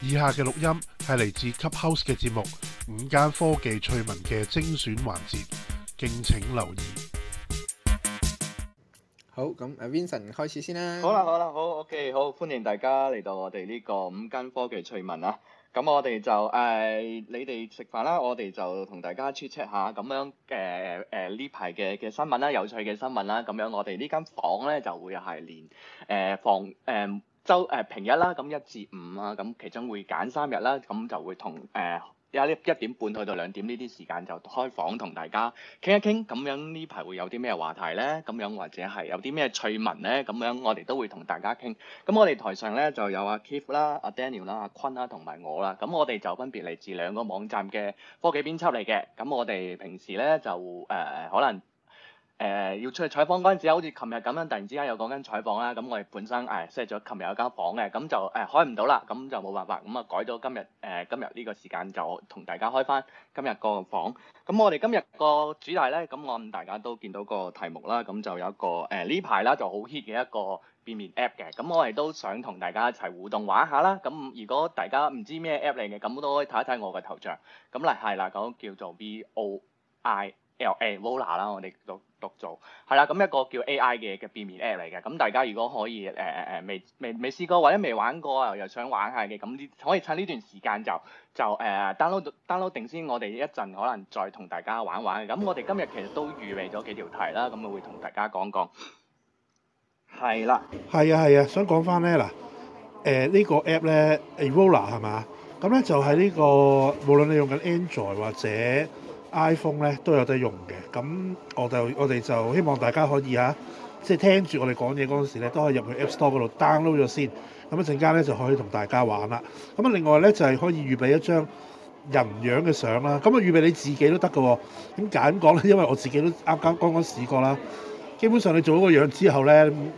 以下嘅錄音係嚟自 Clubhouse 嘅節目《午間科技趣聞》嘅精選環節，敬請留意。好，咁 Winson 開始先啦。好啦，好啦，好，OK，好，歡迎大家嚟到我哋呢個午間科技趣聞啊！咁我哋就誒、呃，你哋食飯啦，我哋就同大家 chat chat 下咁樣誒誒呢排嘅嘅新聞啦，有趣嘅新聞啦，咁樣我哋呢間房咧就會係連誒、呃、房誒。呃周誒平日啦，咁一至五啊，咁其中會揀三日啦，咁就會同誒一一點半去到兩點呢啲時間就開房同大家傾一傾，咁樣呢排會有啲咩話題咧，咁樣或者係有啲咩趣聞咧，咁樣我哋都會同大家傾。咁我哋台上咧就有阿 Keith 啦、阿 Daniel 啦、阿坤啦同埋我啦，咁我哋就分別嚟自兩個網站嘅科技編輯嚟嘅，咁我哋平時咧就誒、呃、可能。誒、呃、要出去採訪嗰陣時好似琴日咁樣，突然之間又講緊採訪啦，咁我哋本身誒 set 咗琴日有間房嘅，咁就誒、哎、開唔到啦，咁就冇辦法，咁啊改咗今日誒、呃、今日呢個時間就同大家開翻今日個房。咁我哋今日個主題咧，咁我大家都見到個題目啦，咁就有一個誒、呃、呢排啦就好 hit 嘅一個變面 app 嘅，咁我哋都想同大家一齊互動玩下啦。咁如果大家唔知咩 app 嚟嘅，咁都可以睇一睇我嘅頭像。咁嚟係啦，咁叫做 V O I。L A Volna 啦，我哋讀讀做係啦，咁一個叫 A I 嘅嘅變面 A P P 嚟嘅。咁大家如果可以誒誒誒未未未試過或者未玩過啊，又想玩下嘅，咁呢可以趁呢段時間就就誒 download download 定先。我哋一陣可能再同大家玩玩。咁我哋今日其實都預備咗幾條題啦，咁會同大家講講。係啦，係啊係啊，想講翻咧嗱，誒呢個 A P P 咧，A Volna 係嘛？咁咧就係呢個無論你用緊 Android 或者，iPhone 咧都有得用嘅，咁我就我哋就希望大家可以吓，即係聽住我哋講嘢嗰陣時咧，都可以入去 App Store 度 download 咗先，咁一陣間咧就可以同大家玩啦。咁啊，另外咧就係可以預備一張人樣嘅相啦。咁啊，預備你自己都得㗎。點解咁講咧？因為我自己都啱啱剛剛試過啦。基本上你做咗個樣之後咧，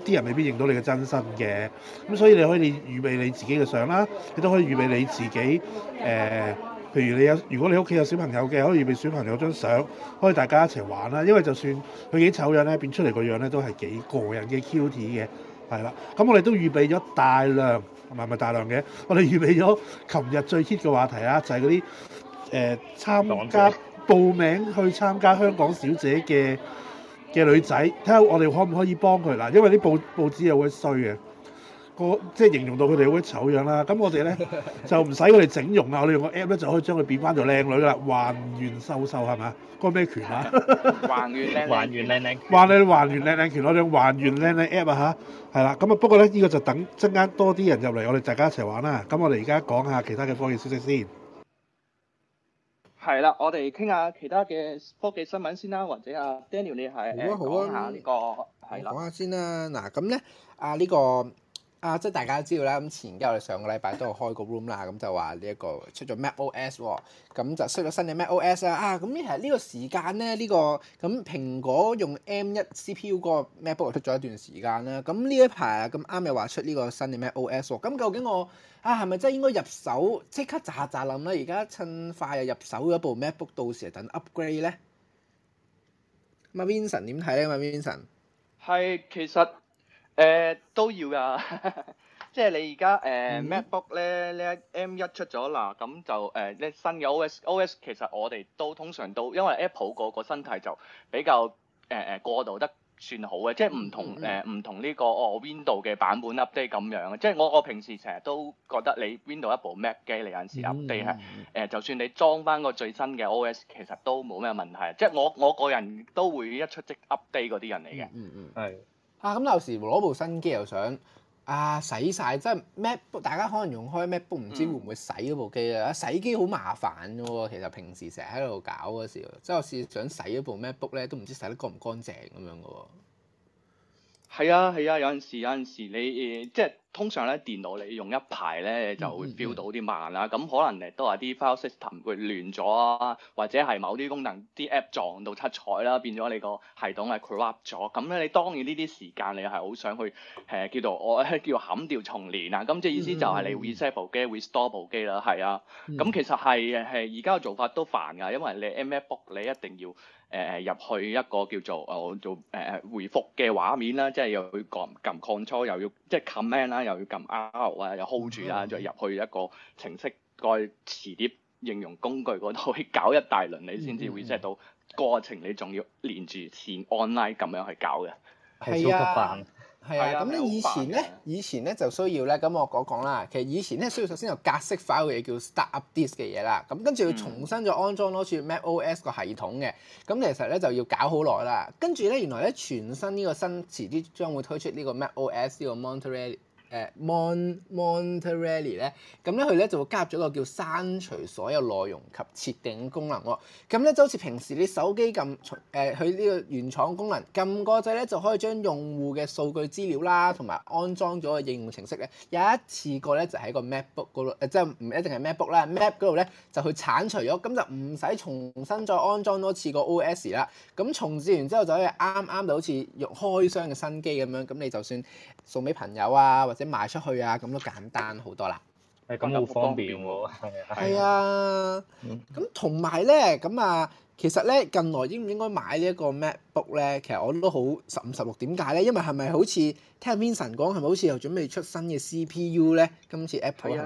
啲人未必認到你嘅真身嘅。咁所以你可以預備你自己嘅相啦，你都可以預備你自己誒。呃譬如你有，如果你屋企有小朋友嘅，可以預備小朋友張相，可以大家一齊玩啦。因為就算佢幾醜樣咧，變出嚟個樣咧都係幾個人嘅 q t 嘅，係啦。咁我哋都預備咗大量，唔係唔大量嘅，我哋預備咗琴日最 hit 嘅話題啦，就係嗰啲誒參加報名去參加香港小姐嘅嘅女仔，睇下我哋可唔可以幫佢，嗱，因為啲報報紙又會衰嘅。個即係形容到佢哋好醜樣啦，咁我哋咧就唔使我哋整容啦，我哋用個 app 咧就可以將佢變翻做靚女啦，還原瘦瘦係咪？個咩拳啊？還原靚靚，還原靚靚，話你還原靚靚拳，我哋用還原靚靚 app 啊嚇，係啦。咁啊不過咧，呢個就等陣間多啲人入嚟，我哋大家一齊玩啦。咁我哋而家講下其他嘅科技消息先。係啦，我哋傾下其他嘅科技新聞先啦，或者阿 Daniel 你係講下呢個，係啦，講下先啦。嗱咁咧，阿呢個。啊，即係大家都知道啦。咁前幾日我哋上個禮拜都有開個 room 啦，咁就話呢一個出咗 MacOS 喎、哦，咁就出咗新嘅 MacOS 啦。啊，咁呢係呢個時間咧，呢、呢個咁蘋果用 M 一 CPU 嗰個 MacBook 出咗一段時間啦。咁呢一排啊，咁啱又話出呢個新嘅 MacOS 喎、哦。咁、嗯、究竟我啊，係咪真係應該入手即刻咋咋諗咧？而家趁快啊入手一部 MacBook，到時等 upgrade 咧。咁啊，Winson 點睇咧？啊，Winson 係其實。誒、uh, 都要㗎， 即、uh, 係你而家誒 MacBook 咧呢 M1 出咗啦，咁就誒呢、uh, 新嘅 OS，OS 其實我哋都通常都因為 Apple 嗰個生態就比較誒誒、uh, 過渡得算好嘅，即係唔同誒唔、mm hmm. uh, 同呢、這個哦、uh, Window 嘅版本 update 咁樣即係我我平時成日都覺得你 Window 一部 Mac 機嚟緊時 update 係誒、mm，hmm. uh, 就算你裝翻個最新嘅 OS，其實都冇咩問題，即係我我個人都會一出即 update 嗰啲人嚟嘅，嗯嗯、mm，係、hmm. mm。Hmm. 啊咁有時攞部新機又想啊洗晒，即係 MacBook，大家可能用開 MacBook，唔知會唔會洗嗰部機咧？嗯、洗機好麻煩㗎喎，其實平時成日喺度搞嗰時，即係有時想洗嗰部 MacBook 咧，都唔知洗得乾唔乾淨咁樣㗎喎。係啊係啊，有陣時有陣時你誒、呃、即係。通常咧電腦你用一排咧就會 feel 到啲慢啦、啊，咁、嗯嗯、可能你都話啲 file system 會亂咗啊，或者係某啲功能啲 app 撞到七彩啦，變咗你個系統係 corrupt 咗，咁咧你當然呢啲時間你係好想去誒、呃、叫做我、呃、叫做冚掉重連啊，咁即係意思就係你 reset 部機 restart 部機啦，係啊，咁其實係係而家嘅做法都煩噶，因為你 m f book 你一定要誒誒、呃、入去一個叫做誒我做誒誒回復嘅畫面啦、啊，即係又要撳撳 control 又要即係 command 啦。又要撳 R 啊，又 hold 住啊，再入去一個程式個磁碟應用工具嗰度去搞一大輪，你先至會即係到過程，你仲要連住線 online 咁樣去搞嘅，係超級啊，咁咧、啊、以前咧，以前咧就需要咧，咁我講講啦。其實以前咧需要首先有格式化嘅嘢叫 Startup Disk 嘅嘢啦。咁跟住要重新再安裝多次 Mac O S 個系統嘅。咁、嗯、其實咧就要搞好耐啦。跟住咧原來咧全新呢個新磁碟將會推出呢個 Mac O S 呢個 Monterey。誒 Monterey 咧，咁咧佢咧就會加入咗個叫刪除所有內容及設定功能喎。咁咧就好似平時你手機撳誒佢呢個原廠功能撳個掣咧，就可以將用戶嘅數據資料啦，同埋安裝咗個應用程式咧，有一次過咧就喺個 MacBook 度，呃，誒即係唔一定係 MacBook 啦，Mac 度咧，啊、就去鏟除咗，咁就唔使重新再安裝多次個 OS 啦。咁重置完之後就可以啱啱就好似用開箱嘅新機咁樣，咁你就算送俾朋友啊，或者你賣出去啊，咁都簡單好多啦。係咁又方便喎。係 啊，咁同埋咧，咁、嗯、啊，其實咧近來應唔應該買呢一個 MacBook 咧？其實我都好十五十六，點解咧？因為係咪好似聽 Vincent 講係咪好似又準備出新嘅 CPU 咧？今次 Apple 有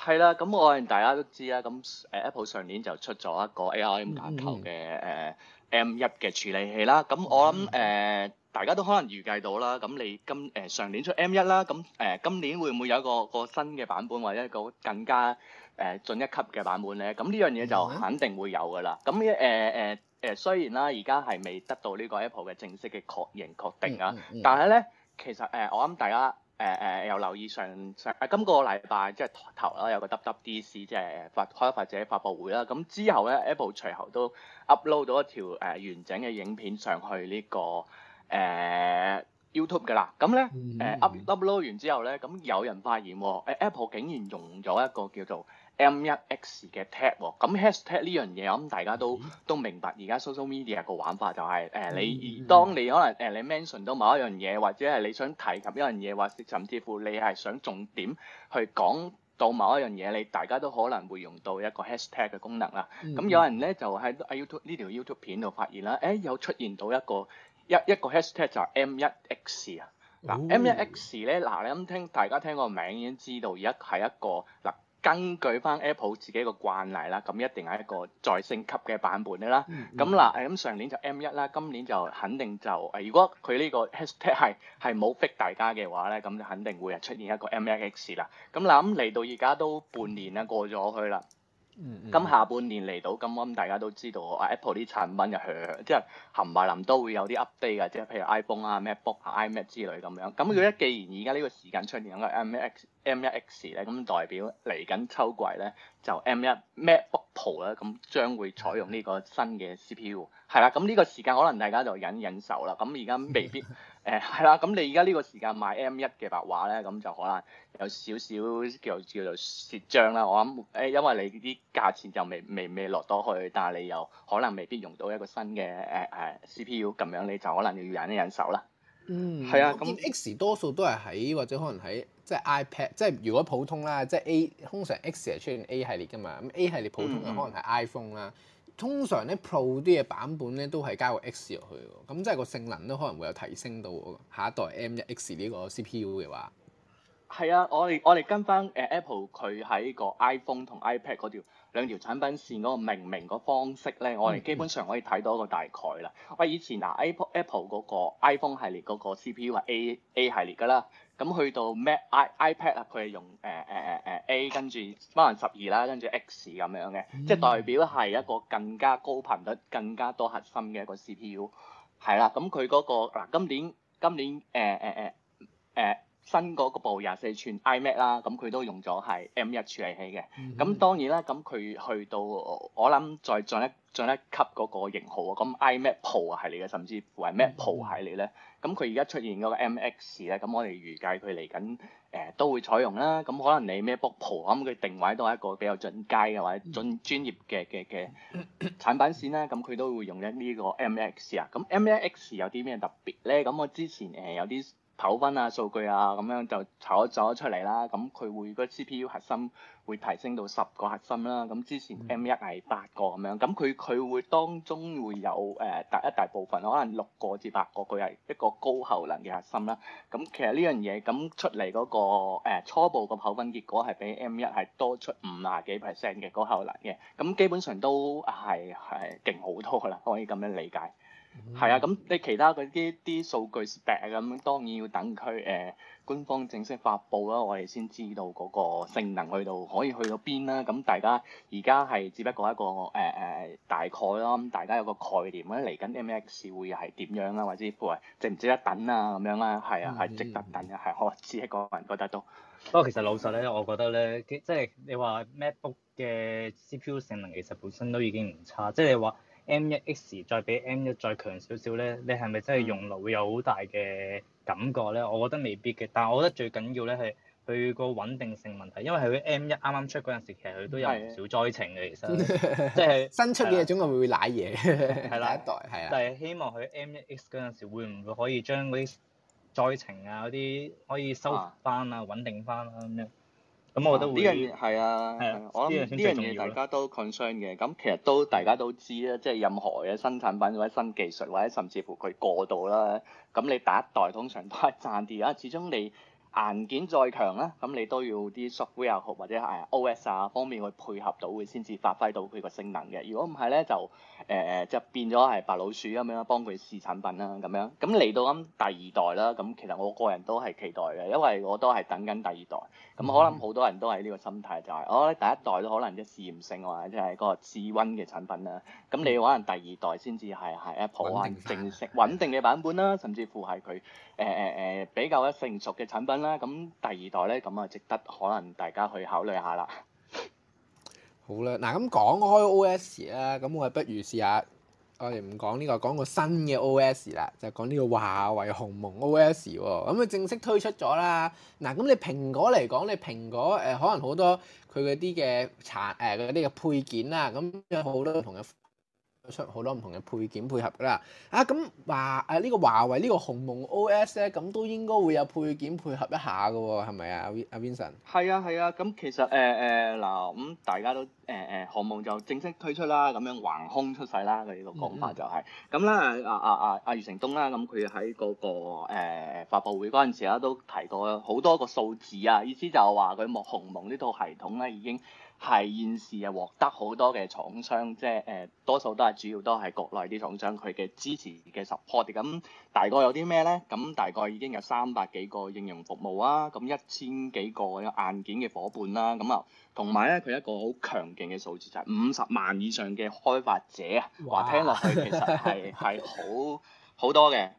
係啦。咁我哋大家都知啦。咁誒 Apple 上年就出咗一個 ARM 架構嘅誒 M 一嘅處理器啦。咁我諗誒。嗯嗯嗯大家都可能預計到啦，咁你今誒、呃、上年出 M1 啦、啊，咁誒今年會唔會有一個一個新嘅版本或者一個更加誒進、呃、一級嘅版本咧？咁呢樣嘢就肯定會有噶啦。咁誒誒誒，雖然啦，而家係未得到呢個 Apple 嘅正式嘅確認確定啊，但係咧，其實誒、呃、我諗大家誒誒、呃呃、有留意上上誒、呃、今個禮拜即係頭啦、啊，有個 WWDC 即係發開發者發布會啦。咁、啊、之後咧，Apple 隨後都 upload 到一條誒、啊、完整嘅影片上去呢、這個。誒 YouTube 㗎啦，咁咧誒 upload 完之後咧，咁有人發現喎，誒 Apple 竟然用咗一個叫做 M1X 嘅 tag 喎，咁 hashtag 呢樣嘢，咁大家都都明白，而家 social media 個玩法就係誒你，當你可能誒你 mention 到某一樣嘢，或者係你想提及一樣嘢，或者甚至乎你係想重點去講到某一樣嘢，你大家都可能會用到一個 hashtag 嘅功能啦。咁有人咧就喺啊 YouTube 呢條 YouTube 片度發現啦，誒有出現到一個。一一個 hashtag 就係 M1X 啊、oh.，嗱 M1X 咧，嗱你咁聽大家聽個名已經知道而家係一個嗱，根據返 Apple 自己個慣例啦，咁一定係一個再升級嘅版本啦。咁嗱咁上年就 M1 啦，今年就肯定就如果佢呢個 hashtag 係係冇逼大家嘅話咧，咁就肯定會係出現一個 M1X 啦。咁嗱咁嚟到而家都半年啦，過咗去啦。咁、嗯嗯、下半年嚟到，咁啱大家都知道、啊、，Apple 啲產品就即係冚唪唥都會有啲 update 嘅，即係譬如 iPhone 啊、MacBook 啊、iMac 之類咁樣。咁佢一既然而家呢個時間出現緊嘅 M1X、M1X 咧，咁代表嚟緊秋季咧就 M1 MacBook Pro 咧，咁將會採用呢個新嘅 CPU、嗯。係啦，咁呢個時間可能大家就忍忍手啦。咁而家未必。 誒係啦，咁你而家呢個時間買 M1 嘅白話咧，咁就可能有少少叫做叫做蝕賬啦。我諗誒，因為你啲價錢就未未未落到去，但係你又可能未必用到一個新嘅誒誒 CPU，咁樣你就可能要忍一忍手啦。嗯。係啊，咁 X 多數都係喺或者可能喺即係 iPad，即係如果普通啦，即係 A 通常 X 係出現 A 系列㗎嘛。咁 A 系列普通嘅可能係 iPhone 啦、嗯。通常咧 Pro 啲嘅版本咧都係加個 X 入去，咁即係個性能都可能會有提升到下一代 M1X 呢個 CPU 嘅話，係啊，我哋我哋跟翻誒 Apple 佢喺個 iPhone 同 iPad 嗰條兩條產品線嗰個命名個方式咧，我哋基本上可以睇到一個大概啦。喂、嗯，以前嗱 App Apple Apple 嗰個 iPhone 系列嗰個 CPU 係 A A 系列噶啦。咁去到 Mac i iPad 啊，佢係用誒誒誒誒 A，跟住 MacBook 十二啦，跟住 X 咁樣嘅，即係代表係一個更加高頻率、更加多核心嘅一個 CPU，係啦。咁佢嗰個嗱，啊，今年今年誒誒誒誒。呃呃呃新嗰部廿四寸 iMac 啦，咁佢都用咗係 M 一處理器嘅，咁、mm hmm. 當然啦，咁佢去到我諗再進一進一級嗰個型號啊，咁 iMac Pro 係嚟嘅，甚至乎係 Mac Pro 係嚟咧，咁佢而家出現嗰個 MX 咧，咁我哋預計佢嚟緊誒都會採用啦，咁可能你 MacBook Pro 咁佢定位都係一個比較進階嘅或者進、mm hmm. 專業嘅嘅嘅產品線啦，咁佢都會用一呢個 MX 啊，咁 MX 有啲咩特別咧？咁我之前誒、呃、有啲。跑分啊、數據啊咁樣就跑咗出嚟啦。咁佢會個 C P U 核心會提升到十個核心啦。咁之前 M 一係八個咁樣，咁佢佢會當中會有誒大、呃、一大部分可能六個至八個佢係一個高效能嘅核心啦。咁其實呢樣嘢咁出嚟嗰、那個、呃、初步個跑分結果係比 M 一係多出五啊幾 percent 嘅高效能嘅。咁基本上都係係勁好多啦，可以咁樣理解。係啊，咁你、mm hmm. 其他嗰啲啲數據 spec 咁，當然要等佢誒、呃、官方正式發布啦，我哋先知道嗰個性能去到可以去到邊啦。咁大家而家係只不過一個誒誒、呃呃、大概啦，大家有個概念咧。嚟緊 MX 會係點樣啦，或者乎係值唔值得等啊咁樣啦。係啊，係值得等啊。係、mm hmm.，我自己個人覺得都。不過其實老實咧，我覺得咧，即係你話 MacBook 嘅 CPU 性能其實本身都已經唔差，即係你話。1 M 一 X 再比 M 一再強少少咧，你係咪真係用落會有好大嘅感覺咧？我覺得未必嘅，但係我覺得最緊要咧係佢個穩定性問題，因為係佢 M 一啱啱出嗰陣時，其實佢都有唔少災情嘅，的其實即、就、係、是、 新出嘅嘢總係會會賴嘢，係啦 的，一代但係希望佢 M 一 X 嗰陣時會唔會可以將嗰啲災情啊嗰啲可以收翻啊穩定翻啊咁樣。咁我覺得會，呢樣嘢係啊，我諗呢樣嘢大家都 concern 嘅，咁其實都大家都知啦，即係任何嘅新產品或者新技術，或者甚至乎佢過度啦，咁你第一代通常都係賺啲啊，始終你。硬件再強咧，咁你都要啲 software 或者係 OS 啊方面去配合到，佢先至發揮到佢個性能嘅。如果唔係咧，就誒誒、呃，就變咗係白老鼠咁樣幫佢試產品啦，咁樣。咁嚟到咁第二代啦，咁其實我個人都係期待嘅，因為我都係等緊第二代。咁可能好多人都係呢個心態、就係，就係、嗯、我第一代都可能一試驗性或者，即係個試温嘅產品啦。咁你可能第二代先至係係 Apple 啊正式穩定嘅版本啦，甚至乎係佢。誒誒誒比較一成熟嘅產品啦，咁第二代咧，咁啊，值得可能大家去考慮下啦。好啦，嗱咁講開 OS 啦，咁我哋不如試下，我哋唔講呢個，講個新嘅 OS 啦，就講呢個華為鴻蒙 OS 喎，咁佢正式推出咗啦。嗱，咁你蘋果嚟講，你蘋果誒可能好多佢嗰啲嘅殘誒嗰啲嘅配件啊，咁有好多同樣。出好多唔同嘅配件配合啦、啊，啊咁華啊呢個華為、這個、蒙呢個鴻蒙 OS 咧，咁都應該會有配件配合一下嘅喎，係咪啊？阿 Winson？係啊係啊，咁、啊、其實誒誒嗱，咁、呃呃呃、大家都誒誒鴻蒙就正式推出啦，咁樣橫空出世啦，佢、這、呢個講法就係、是。咁啦、嗯啊。啊啊啊啊，余承東啦，咁佢喺嗰個誒、呃、發佈會嗰陣時啦，都提過好多個數字啊，意思就係話佢目鴻蒙呢套系統咧已經。係現時啊，獲得好多嘅廠商，即係誒、呃，多數都係主要都係國內啲廠商佢嘅支持嘅 support。咁大概有啲咩咧？咁大概已經有三百幾個應用服務啊，咁一千幾個有硬件嘅夥伴啦。咁啊，同埋咧，佢一個好強勁嘅數字就係五十萬以上嘅開發者啊。哇 話聽落去其實係係 好好多嘅，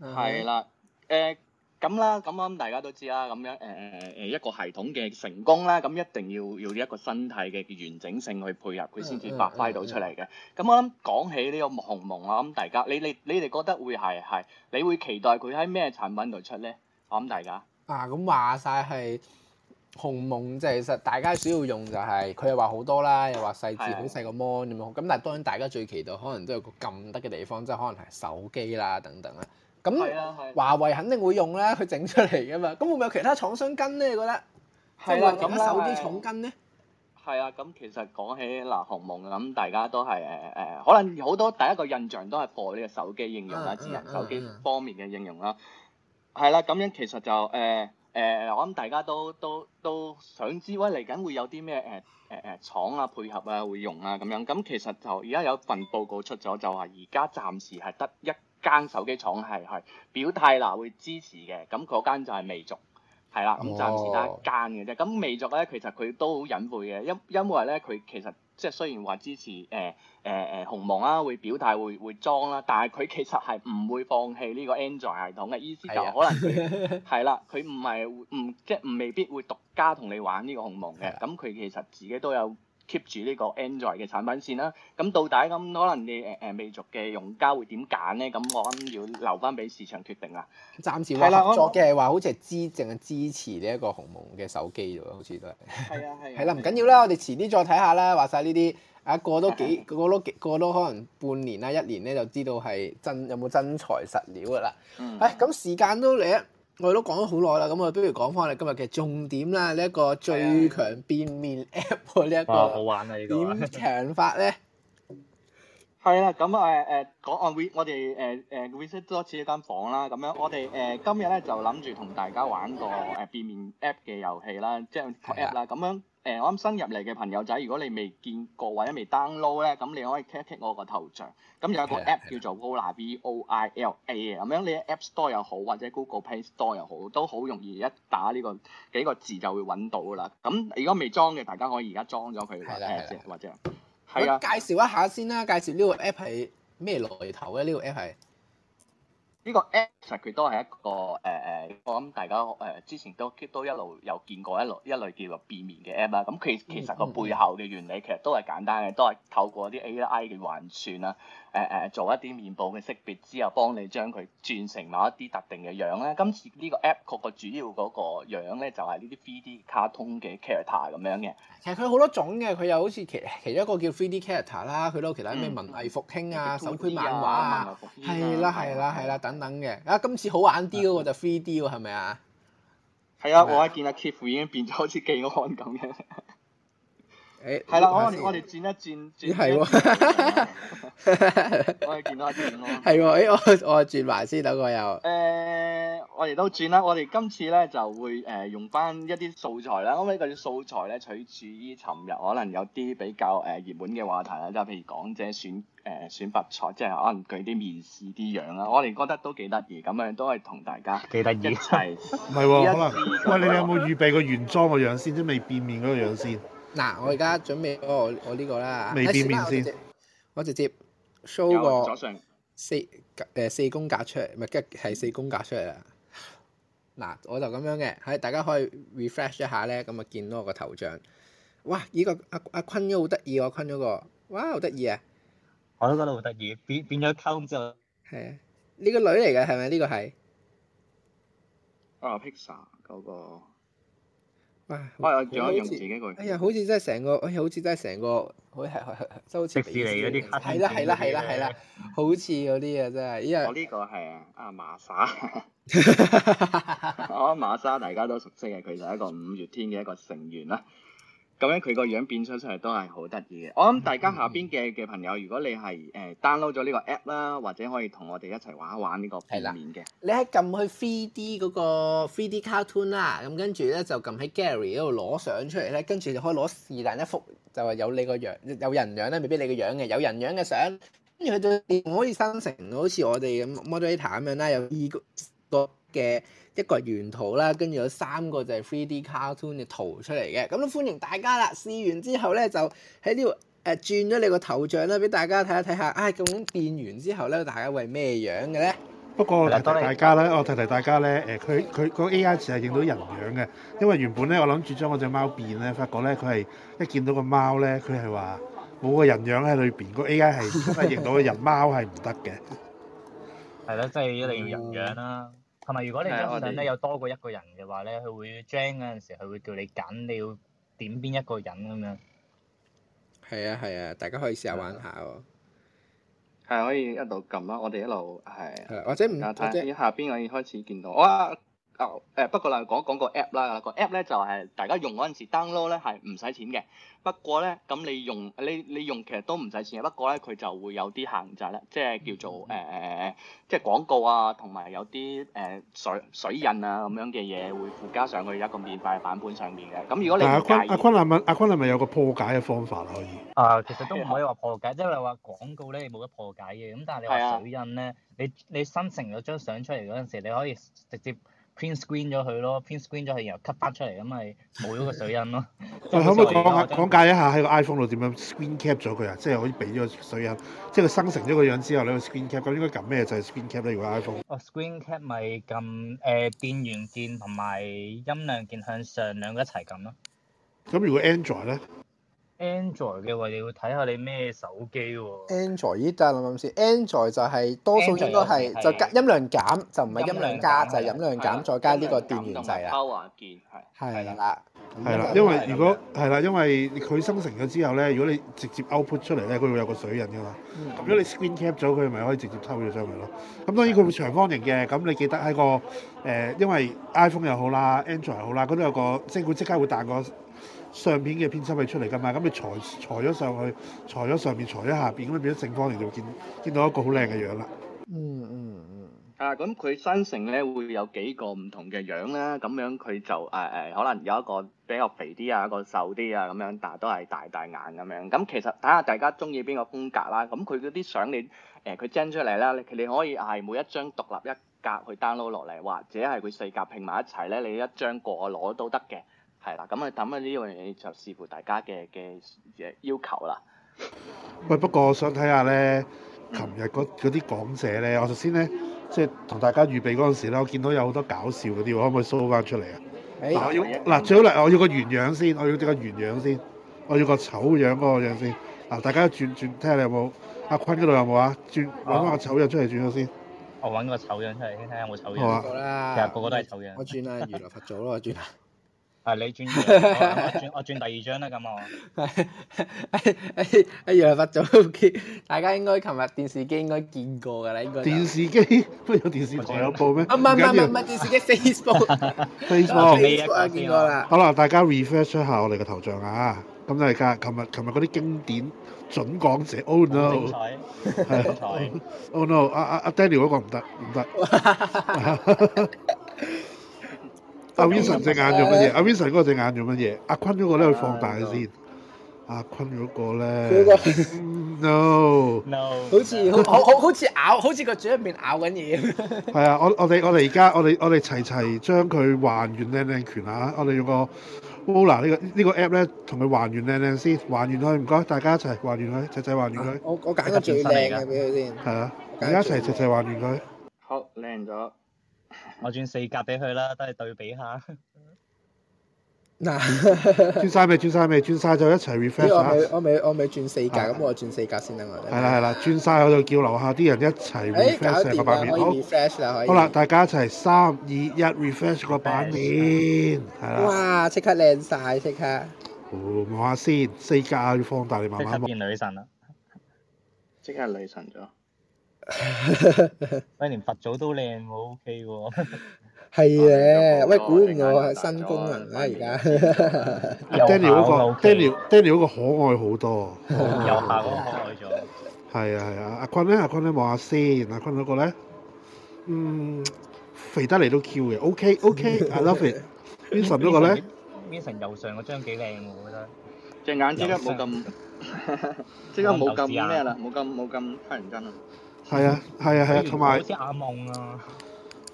係啦、嗯，誒。呃咁啦，咁啱大家都知啦。咁樣誒誒誒，一個系統嘅成功咧，咁一定要要一個身體嘅完整性去配合佢先至發揮到出嚟嘅。咁我諗講起呢個鴻蒙啊，咁大家你你你哋覺得會係係，你會期待佢喺咩產品度出咧？我諗大家啊，咁話曬係鴻蒙，即係其實大家主要用就係佢又話好多啦，又話細緻好細個芒咁。咁但係當然大家最期待可能都有個撳得嘅地方，即係可能係手機啦等等啦。咁那、啊啊、華為肯定會用啦，佢整出嚟㗎嘛，咁會唔會有其他廠商跟咧？你覺得即係話手機廠跟咧？係啊，咁其實講起嗱鴻蒙啊，咁、呃、大家都係誒誒，可能好多第一個印象都係播呢個手機應用啦，智能、啊啊、手機方面嘅應用啦。係啦、啊，咁、啊啊啊、樣其實就誒誒、呃，我諗大家都都都想知，喂嚟緊會有啲咩誒誒誒廠啊配合啊會用啊咁樣。咁其實就而家有份報告出咗，就話而家暫時係得一間手機廠係係表態啦，會支持嘅，咁嗰間就係魅族，係啦，咁、哦、暫時得一間嘅啫。咁魅族咧，其實佢都好隱晦嘅，因因為咧，佢其實即係雖然話支持誒誒誒鴻蒙啦，會表態會會裝啦，但係佢其實係唔會放棄呢個 Android 系統嘅意思就可能佢係啦，佢唔係唔即係唔未必會獨家同你玩呢個鴻蒙嘅，咁佢的其實自己都有。keep 住呢個 Android 嘅產品線啦。咁到底咁可能你誒誒魅族嘅用家會點揀咧？咁我諗要留翻俾市場決定啦。暫時話合作嘅話，啊，好似係支持支持呢一個鴻蒙嘅手機啫好似都係。係啊係，係啦，啊，唔緊， 啊，要啦，我哋遲啲再睇下啦。話晒呢啲啊過多幾，啊，過多幾過多可能半年啦一年咧，就知道係真有冇真材實料噶啦。嗯。誒咁，哎，時間都嚟啊！我哋都講咗好耐啦，咁我哋不如講翻我哋今日嘅重點啦，呢一個最強變面 app，呢一個點強法咧？係啦，咁誒誒講啊，We 我哋誒誒 We set 多次一間房啦，咁樣我哋誒今日咧就諗住同大家玩個誒變面 app 嘅遊戲啦，即係 app 啦，咁樣。誒，我啱新入嚟嘅朋友仔，如果你未見過或者未 download 咧，咁你可以 click 一 click 我個頭像，咁、嗯、有一個 app 叫做 Ola 的 Boil A，咁樣你 App Store 又好或者 Google Play Store 又好，都好容易一打呢個幾個字就會揾到噶啦。咁、嗯、如果未裝嘅，大家可以而家裝咗佢，或者，或者的，係啊的，介紹一下先啦，介紹呢個 app 係咩來頭咧？呢、這個 app 係。呢個 app 其實佢都係一個誒誒、uh, 我諗大家誒、uh, 之前都都一路有見過一類一類叫做變面嘅 app 啦、啊。咁其其實個背後嘅原理其實都係簡單嘅，都係透過啲 AI 嘅運算啦誒誒做一啲面部嘅識別之後幫你將佢轉成某一啲特定嘅樣咧、啊。今次呢個 app 個主要個樣咧就係呢啲 three d 卡通嘅 character 咁樣嘅。其實佢好多種嘅，佢又好似其其中一個叫 three d character 啦、啊，佢都有其他咩文藝復興啊、手繪漫畫啊，係啦係啦係啦等。的等嘅啊，今次好玩啲嗰個就 3D 喎，係咪啊？係啊，我一見阿 Keith 已經變咗好似紀安咁嘅。誒、 哎，係啦、嗯，我我哋轉一轉轉係，我哋 見到一轉喎。係誒，誒，我我轉埋先，等我又。誒。哎我哋都轉啦！我哋今次咧就會誒用翻一啲素材啦。咁呢個素材咧取自於尋日可能有啲比較誒熱門嘅話題啦，就譬如港姐選誒選拔賽，即係可能佢啲面試啲樣啦。我哋覺得都幾得意，咁樣都係同大家幾得意一齊，唔係喎？可能喂， 你哋有冇預備個原裝個樣先，即未變面嗰個樣先？嗱，我而家準備我呢個啦，未變面先、哎，我直接 show 個左上四誒、呃、四宮格出嚟，唔係即係四宮格出嚟啦。嗱，我就咁樣嘅，係大家可以 refresh 一下咧，咁啊見到我個頭像，哇！呢、呢個阿阿坤嗰個好得意喎，坤咗、嗰個，哇，好得意啊！我都覺得好得意，變變咗溝之後，係啊，你、呢個女嚟嘅係咪？呢、呢個係啊 Pixar 嗰個。哇！我仲、哎、有用自己、哎、個,個，哎呀，好似真係成個，好似真係成個，好似迪士尼嗰啲，係啦係啦係啦係啦，好似嗰啲嘢真係，因為我呢個係啊，阿瑪莎，我 瑪 莎大家都熟悉嘅，佢就係一個五月天嘅一個成員啦。咁樣佢個樣變咗出嚟都係好得意嘅。我諗大家下邊嘅嘅朋友，如果你係誒 download 咗呢個 app 啦，或者可以同我哋一齊玩一玩呢個變面嘅。你係撳去 3D 嗰個 3D cartoon 啦、啊，咁跟住咧就撳喺 Gary 嗰度攞相出嚟咧，跟住就，就可以攞是但一幅，就話有你個樣，有人樣咧，未必你個樣嘅，有人樣嘅相，跟住佢就可以生成好似我哋咁 moderator 咁樣啦，有二個。嘅一個原圖啦，跟住有三個就係 3D cartoon 嘅圖出嚟嘅，咁都歡迎大家啦。試完之後咧，就喺呢度誒轉咗你個頭像啦，俾大家睇一睇下。唉、啊，究竟變完之後咧，大家會咩樣嘅咧？不過提提大家咧，我提提大家咧，誒、呃，佢佢個 AI 係認到人樣嘅，因為原本咧我諗住將我隻貓變咧，發覺咧佢係一見到個貓咧，佢係話冇個人樣喺裏邊，個 AI 係真係認到 人貓係唔得嘅。係啦， 即係一定要人樣啦。同埋如果你張相咧有多過一個人嘅話咧，佢會 join 嗰陣時，佢會叫你揀你要點邊一個人咁樣？係啊係啊，大家可以試下玩下喎。係、啊、可以一路撳咯，我哋一路係、啊。或者唔或者，下邊可以開始見到哇！啊誒不過啦，講一講個 app 啦。個 app 咧就係大家用嗰陣時 download 咧係唔使錢嘅。不過咧咁你用你你用其實都唔使錢嘅。不過咧佢就會有啲限制咧，即係叫做誒即係廣告啊，同埋有啲誒水水印啊咁樣嘅嘢會附加上去一個免費版本上面嘅。咁如果你阿坤阿坤啊問阿坤係咪有個破解嘅方法可以？啊，其實都唔可以話破解，即係你話廣告咧你冇得破解嘅。咁但係你話水印咧，你你生成咗張相出嚟嗰陣時，你可以直接，Pin screen 咗佢咯，Pin screen 咗佢，然後 cut 翻出嚟，咁咪冇咗個水印咯。 可唔可以講講解一下喺個 iPhone 度點樣 screen cap 咗佢啊？即係可以俾咗個水印，即係佢生成咗個樣之後咧，你 screen cap 應該撳咩？就係 screen cap 咧，如果 iPhone。啊、oh，screen cap 咪撳誒電源鍵同埋音量鍵向上兩個一齊撳咯。咁如果 Android 咧？Android 嘅話，你要睇下你咩手機喎、嗯嗯。Android 依家諗諗先，Android 就係多數應該係就加的音量減，就唔係音量加，量加就係音量減，的再加呢個電源掣啊。係啦，係、嗯、啦，嗯、了因為如果係啦、嗯，因為佢生成咗之後咧，如果你直接 output 出嚟咧，佢會有個水印噶嘛。嗯、如果你 screen cap 咗佢，咪可以直接抽咗上嚟咯。咁當然佢會長方形嘅，咁你記得喺個誒，因為 iPhone 又好啦，Android 又好啦，嗰度有個即係會即刻會彈個。上邊嘅編輯係出嚟噶嘛，咁你裁裁咗上去，裁咗上邊，裁咗下邊，咁樣變咗正方形就見見到一個好靚嘅樣啦、嗯。嗯嗯嗯。啊，咁佢生成咧會有幾個唔同嘅樣啦，咁樣佢就誒誒、呃，可能有一個比較肥啲啊，一個瘦啲啊，咁樣，但係都係大大眼咁樣。咁其實睇下大家中意邊個風格啦。咁佢嗰啲相你誒，佢、呃、send 出嚟啦，你你可以係每一張獨立一格去 download 落嚟，或者係佢四格拼埋一齊咧，你一張過攞都得嘅。係啦，咁啊，等啊呢樣嘢就視乎大家嘅嘅要求啦。喂，不過我想睇下咧，琴日嗰啲講者咧，我頭先咧，即係同大家預備嗰陣時咧，我見到有好多搞笑嗰啲，可唔可以 show 翻出嚟啊？我要嗱，最好嚟我要個原樣先，我要點個原樣先，我要個醜樣嗰個樣先。嗱，大家轉轉，睇下你有冇阿坤嗰度有冇啊？轉揾翻個醜樣出嚟轉咗先。我揾個醜樣出嚟，睇下有冇醜樣。個個啦。其實個個都係醜樣。我轉啊，如來佛祖咯，我轉係你轉，我我轉我轉第二張啦，咁我。係，一一樣發早啲。大家應該琴日電視機應該見過㗎啦，應該。電視機，乜有電視台有播咩？啊，唔係唔係唔係電視機，Facebook。Facebook。Facebook 啊，見過啦。好啦，大家 refresh 下我哋嘅頭像啊，咁就係家。琴日琴日嗰啲經典準講者，Oh no！精彩，精彩。Oh no！阿阿阿 Daniel 嗰個唔得，唔得。阿 Winson 隻眼做乜嘢？阿 Winson 嗰隻眼做乜嘢？阿坤嗰個咧，佢放大佢先。阿坤嗰個咧，no，no，好似好好好似咬，好似個嘴入面咬緊嘢咁。係啊，我我哋我哋而家我哋我哋齊齊將佢還原靚靚拳啊！我哋用個 Voila 呢個呢個 app 咧，同佢還原靚靚先，還原佢唔該，大家一齊還原佢，齊齊還原佢。我我揀個最靚嘅俾佢先。係啊，大家一齊齊齊還原佢。好，靚咗。我轉四格俾佢啦，都係對比下。嗱， 轉晒未？轉晒未？轉晒就一齊 refresh 下。我咪我未的我轉四格，咁我的轉四格先啦，我。係啦係啦，轉晒我就叫樓下啲人一齊 refresh 個版面。Re 好啦，大家一齊三二一 refresh 個版面。係啦的。哇！即刻靚晒！即刻。哦，望下先，四格要放大你慢慢望。變女神啦！即刻女神咗。威廉佛祖都靚喎，O K 喎。係嘅，威古有新功能啦而家。Daniel 嗰個，Daniel Daniel 嗰個可愛好多。又可愛咗。係啊係啊，阿坤咧，阿坤咧望下先，阿坤嗰個咧，嗯，肥得嚟都 Q 嘅，O K O K，I love it。Vincent 嗰個咧，Vincent 右上個張幾靚喎，我覺得。隻眼即刻冇咁，即刻冇咁咩啦，冇咁冇咁黑人憎啦。係啊，係啊，係啊，同埋好似阿夢啊，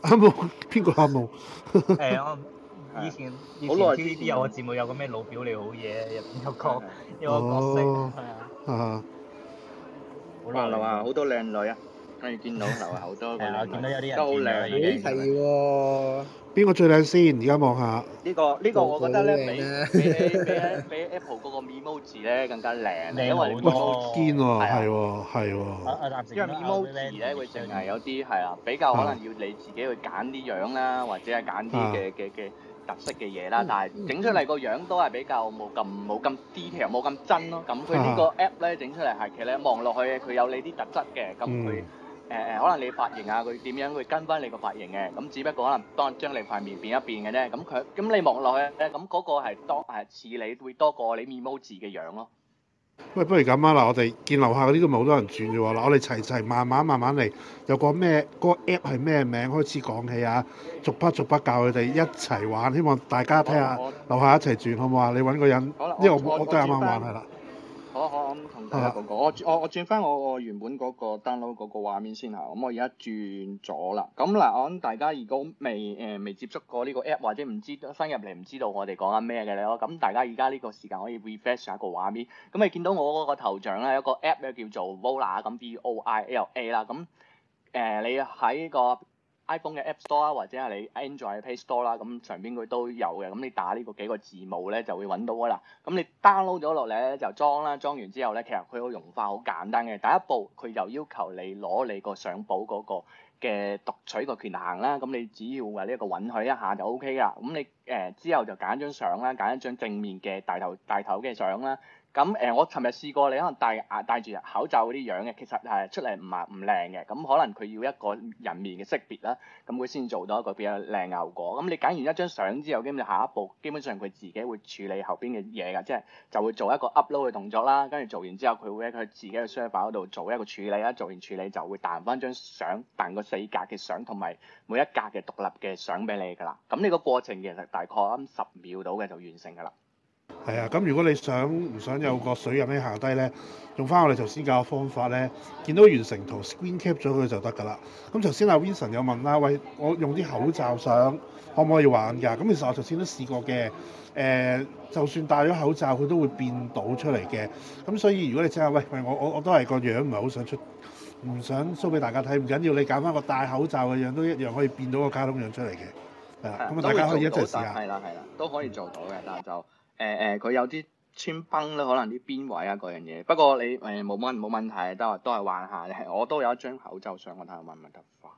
阿夢邊個阿夢？係啊，以前好耐 TVB 有個節目有個咩老表你好嘢，入邊有個，個角色係啊，哇哇好多靚女啊，跟住見到，係好多，係啊，見到有啲人見到，幾靚嘅，係喎。邊個最靚先？而家望下呢個呢個，我覺得咧，比比 Apple 嗰個 Memoji 咧更加靚，因為佢好堅喎，係喎係喎。因為 Memoji 咧，佢淨係有啲係啊，比較可能要你自己去揀啲樣啦，或者係揀啲嘅嘅嘅特色嘅嘢啦。但係整出嚟個樣都係比較冇咁冇咁 detail，冇咁真咯。咁佢呢個 app 咧整出嚟係其實咧望落去，佢有你啲特質嘅。咁佢。誒誒、呃，可能你髮型啊，佢點樣會跟翻你個髮型嘅，咁只不過可能當將你塊面變一變嘅啫，咁佢咁你望落去咧，咁、嗯、嗰、那個係多誒似你會多過你 memoji 嘅樣咯。喂，不如咁啊嗱，我哋見樓下嗰啲都咪好多人轉嘅喎，嗱，我哋齊齊慢慢慢慢嚟，有個咩嗰、那個 app 係咩名開始講起啊？逐筆逐筆教佢哋一齊玩，希望大家睇下樓下一齊轉好唔好啊？你揾個人，好因為我我都啱啱玩係啦。好好。好。係我轉我我轉翻我我原本嗰個 download 嗰個畫面先嚇，咁我而家轉咗啦。咁嗱，咁我諗大家如果未誒、呃、未接觸過呢個 app 或者唔知新入嚟唔知道我哋講緊咩嘅咧，咁大家而家呢個時間可以 refresh 下一個畫面。咁你見到我嗰個頭像咧，有個 app 咧叫做 Vola 咁 V O I L A 啦。咁、呃、誒，你喺、嗰個。iPhone 嘅 App Store 啦，或者係你 Android 嘅 Play Store 啦，咁上邊佢都有嘅。咁你打呢個幾個字母咧，就會揾到噶啦。咁你 download 咗落嚟咧，就裝啦。裝完之後咧，其實佢個融化好簡單嘅。第一步，佢就要求你攞你個相簿嗰個嘅讀取個權限啦。咁你只要話呢一個允許一下就 OK 啦。咁你。誒之後就揀一張相啦，揀一張正面嘅大頭大頭嘅相啦。咁誒、呃，我尋日試過你可能戴眼戴住口罩嗰啲樣嘅，其實係出嚟唔係唔靚嘅。咁可能佢要一個人面嘅識別啦，咁佢先做到一個比較靚效果。咁你揀完一張相之後，基本上下一步基本上佢自己會處理後邊嘅嘢㗎，即係就會做一個 upload 嘅動作啦。跟住做完之後，佢會喺佢自己嘅 server 度做一個處理啦。做完處理就會彈翻張相，彈個四格嘅相同埋每一格嘅獨立嘅相俾你㗎啦。咁呢個過程其實～大概啱十秒到嘅就完成噶啦。係啊，咁如果你想唔想有個水印喺下低咧，用翻我哋頭先教嘅方法咧，見到完成圖 screen cap 咗佢就得噶啦。咁頭先阿 Winson 有問啦，喂，我用啲口罩上可唔可以玩噶？咁其實我頭先都試過嘅。誒、呃，就算戴咗口罩，佢都會變到出嚟嘅。咁所以如果你真係喂，喂我我我都係個樣唔係好想出，唔想 show 俾大家睇，唔緊要，要，你揀翻個戴口罩嘅樣都一樣可以變到個卡通樣出嚟嘅。咁啊，大家可以一齊試。係啦，係啦，都可以做到嘅但、嗯，但係就誒誒，佢、呃、有啲穿崩啦，可能啲邊位啊嗰樣嘢。不過你誒冇問冇問題，都係都係玩下嘅。我都有一張口罩相，我睇下揾唔揾得翻。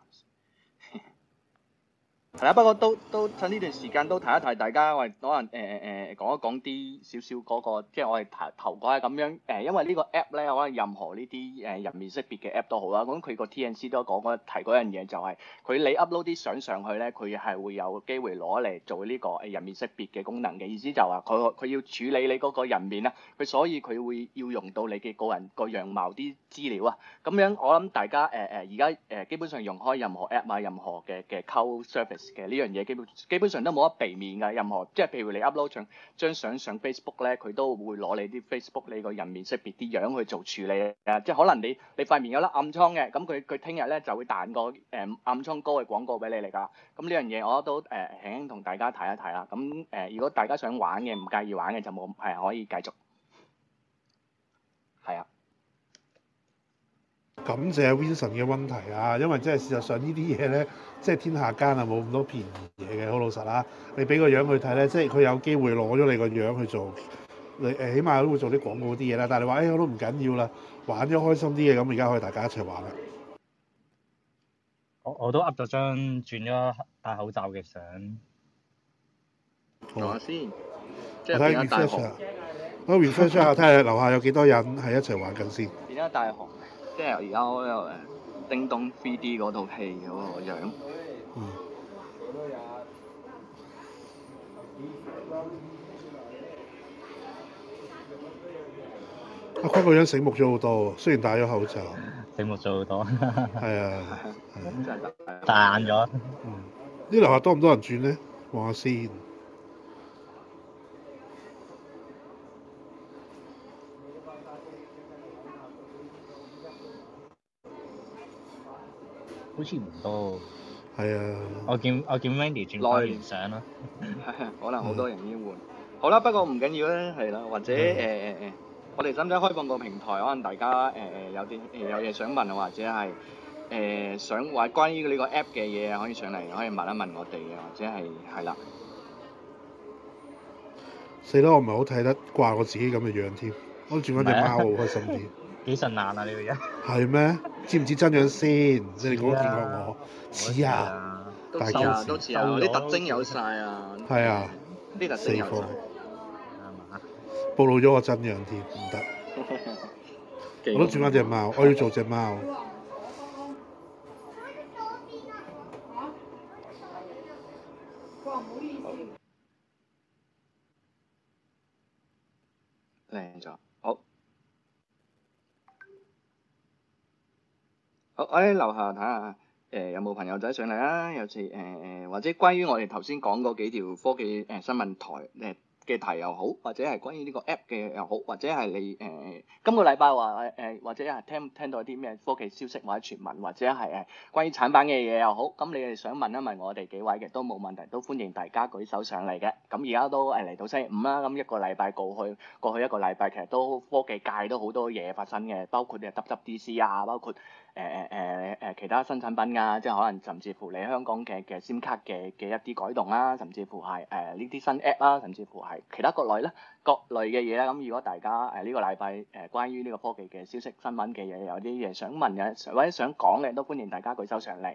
係啊，不過都都趁呢段時間都提一提大家，我可能誒誒誒講一講啲少少嗰個，即係我哋頭頭嗰係咁樣誒，因為呢個 app 咧，可能任何呢啲誒人面識別嘅 app 都好啦，咁佢個 TNC 都講過提嗰樣嘢就係、是，佢你 upload 啲相上去咧，佢係會有機會攞嚟做呢個誒人面識別嘅功能嘅，意思就話佢佢要處理你嗰個人面啊，佢所以佢會要用到你嘅個人個樣貌啲資料啊，咁樣我諗大家誒誒而家誒基本上用開任何 app 啊，任何嘅嘅 co service。其實呢樣嘢基本基本上都冇得避免㗎，任何即係譬如你 upload 張張相上 Facebook 咧，佢都會攞你啲 Facebook 你個人面識別啲樣去做處理啊，即係可能你你塊面有粒暗瘡嘅，咁佢佢聽日咧就會彈個誒、呃、暗瘡膏嘅廣告俾你嚟㗎。咁呢樣嘢我都誒輕輕同大家睇一睇啦。咁、嗯、誒、呃，如果大家想玩嘅，唔介意玩嘅就冇係、呃、可以繼續。感謝 Winson 嘅問題啊，因為即係事實上呢啲嘢咧，即係天下間啊，冇咁多便宜嘢嘅，好老實啦。你俾個樣佢睇咧，即係佢有機會攞咗你個樣去做，你誒起碼都會做啲廣告啲嘢啦。但係你話誒，我、欸、都唔緊要啦，玩咗開心啲嘅，咁而家可以大家一齊玩啦。我我都 up 咗張轉咗戴口罩嘅相，睇下吧先。我看 即係下，睇下 refresh 樓下有幾多人係一齊玩緊先。而家大行。即係而家我又誒叮當 3D 嗰套戲嗰個樣，阿坤個樣醒目咗好多喎，雖然戴咗口罩，醒目咗好多。係啊，大眼咗。呢樓下多唔多人轉咧？望下先。好似唔多，係啊！我見我見 Wendy 轉內聯相啦，可能好多人已經換。好啦，不過唔緊要啦，係啦，或者誒誒誒，我哋使唔使開放個平台？可能大家誒誒有啲有嘢想問啊，或者係誒想話關於呢個 app 嘅嘢啊，可以上嚟可以問一問我哋啊，或者係係啦。死啦！我唔係好睇得慣我自己咁嘅樣添，我覺得轉翻隻貓好開心啲。幾神難啊呢個嘢！係咩？知唔知真樣先？你講見過我似啊，大家。都似啊，啲特徵有晒啊！係啊，呢四個。暴露咗個真樣添，唔得！我都轉翻隻貓，我要做隻貓。喺樓下睇下，誒、呃、有冇朋友仔上嚟啦、啊。有時誒、呃，或者關於我哋頭先講過幾條科技誒、呃、新聞台誒嘅題又好，或者係關於呢個 App 嘅又好，或者係你誒、呃、今個禮拜話誒，或者一係聽，聽到啲咩科技消息或者傳聞，或者係誒關於產品嘅嘢又好，咁你哋想問一問我哋幾位嘅都冇問題，都歡迎大家舉手上嚟嘅。咁而家都係嚟到星期五啦，咁一個禮拜過去，過去一個禮拜其實都科技界都好多嘢發生嘅，包括 WWDC 啊，包括。誒誒誒誒其他新產品啊，即係可能甚至乎你香港嘅嘅 SIM 卡嘅嘅一啲改動啦，甚至乎係誒呢啲新 app 啦，甚至乎係其他國內咧各類嘅嘢啦。咁如果大家誒呢、呃呢個禮拜誒關於呢個科技嘅消息新聞嘅嘢有啲嘢想問嘅，或者想講嘅，都歡迎大家舉手上嚟。